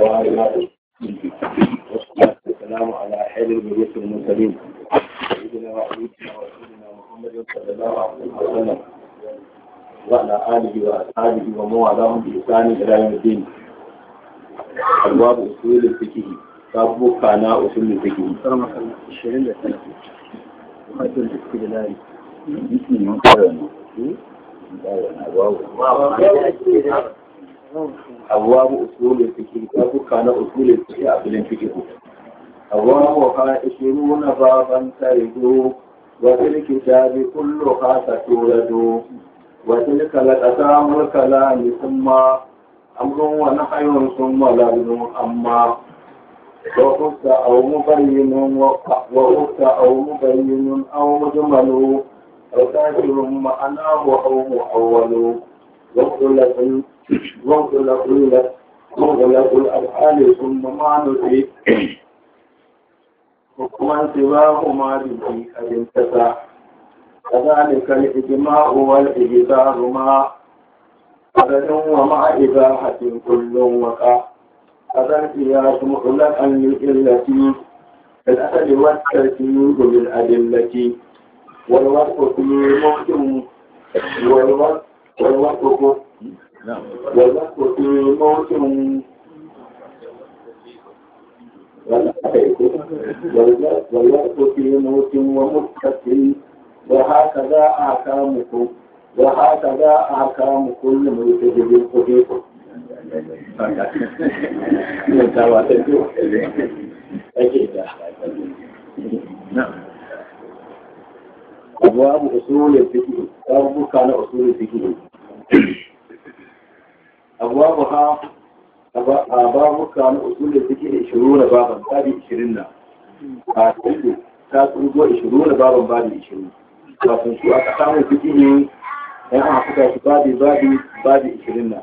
وعلى والصلاة والسلام على خير البرية المرسلين سيدنا وحبيبنا ورسولنا محمد صلى الله عليه وسلم وعلى آله وأصحابه ومن والاهم بإحسان إلى يوم الدين أبواب أصول الفقه باب كان أصول الفقه أبواب أصول الفقه babuka na usulin fiƙe a filin fiƙe abuwa ka ishiru na baban tarihu wasu likitabi kullu ka ta turado wasu likalakata mulkala ne kuma amrun wani hayon sun malarun amma وقفت أو مبين وقفت أو مبين أو مجمل أو تاجر معناه أو مؤول واختلف مغلق الأفعال ثم ما نسي حكما سواهما به قد انتفع كذلك الإجماع والإجزار ما قدر ومع إباحة كل وقع هذا القياس مطلقا للعلة الأسد والترتيب بالأدلة والوصف في محكم والوصف واللفظ في موسم واللفظ في موسم ومتصل وهكذا أحكامكم وهكذا أحكام كل مرتد قدير أبواب أصول الفقه أبواب كان أصول الفقه abubuwa kanu usul da suke shuru baban babi 20 na a cikin ta tsoro shuru da baban babi 20 ba su a kasarar su ne yan afirka su babi babi babi 20 na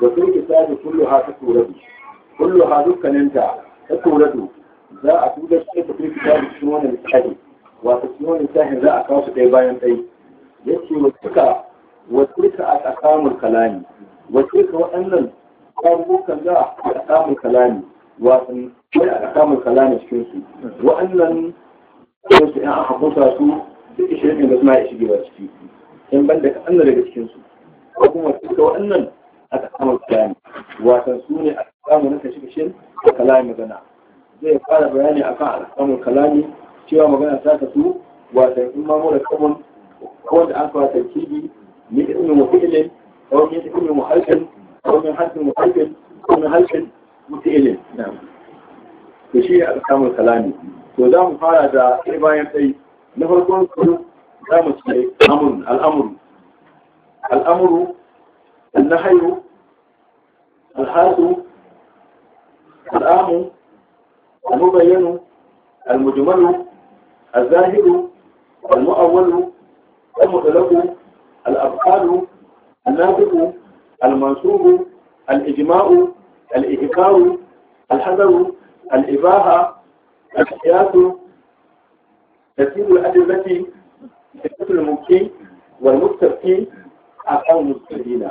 da sun ke sabi kullu ha ta tsoro kullu ha dukkanin ta ta za a tuba shi ta fi ta da cikin wani misali wata cikin za a kawo su ɗaya bayan ɗai yace wata suka wata suka a kasarar kalani wace ka waɗannan ƙarfukan za a samun kalami wasan kai a samun kalami cikin su waɗannan sun su ‘yan hakusa su duk ishirin da suna ishi gaba ciki in ban da kaɗan daga cikin su ko kuma wace ka waɗannan a samun kalami wasan su ne a samu na kashi kashin da kalami magana zai fara bayani akan alƙamun kalami cewa magana ta kasu wasan in ma mura kamun ko da aka kawo tarkibi ni ismin wa fi'ilin أو من كل مخلفل أو من حرف مخلفل أو من حرف متئلم نعم وشيء أحكام الكلام ودام فارا دا إبا يمتعي نفرقون كل زام الشيء أمر الأمر الأمر النحي الحاد الآم المبين المجمل الظاهر المؤول المطلق الأبقال النافق المنصوب الإجماع الإهكار الحذر الإباحة الحياة تسير الأدلة حكمة المبكي والمستبكي أقام المستدين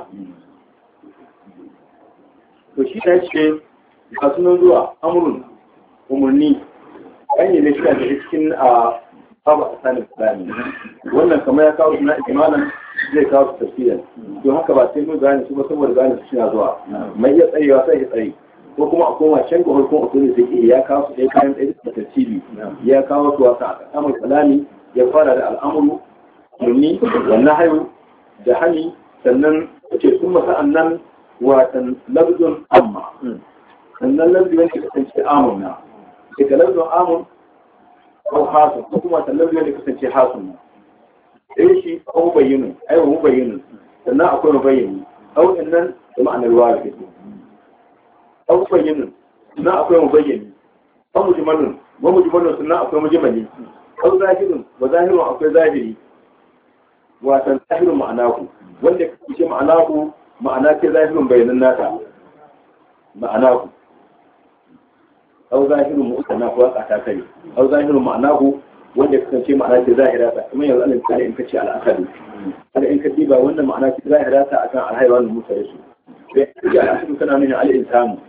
to shi ta ce ga sunan zuwa amurin umarni an yi ne shi a cikin a babu asanin fulani wannan kamar ya kawo suna imanin zai kawo su tafiyar to haka ba sai mun gane su ba saboda gane su suna zuwa mai iya tsayewa sai ya tsaye ko kuma a koma can ga farkon usuli sai ke ya kawo su ɗaya kayan ɗaya da tartibi ya kawo su wasa a kamar kalami ya fara da al'amuru sunni wannan hayu da hani sannan ce sun masa annan watan labdun amma sannan labdun wani kasance amurna daga labdun amur ko hasun ko kuma watan labdun wani kasance na. ɗaya eh, shi au bayyinu ai wa mubayyinu sannan akwai mubayyinu au in nan da ma'anar ruwa da fito au mubayyinu sannan akwai mubayyinu au mujmalun wa mujmalun sannan akwai mujmali au zahirun wa zahirun akwai zahiri watan zahirin ma'anaku wanda ka kuce ma'anaku ma'ana ke zahirin bayanan nata ma'anaku au zahirin mu'utana kuwa tsaka kai au zahirin ma'anaku wanda ya kasance ma'ana ce zahira ta kamar yanzu alal misali in ka ce al'akari kaga in ka ba wannan ma'ana ce zahira ta akan alhaiwa da mutare su sai ya al'akari kana nuna al'insamu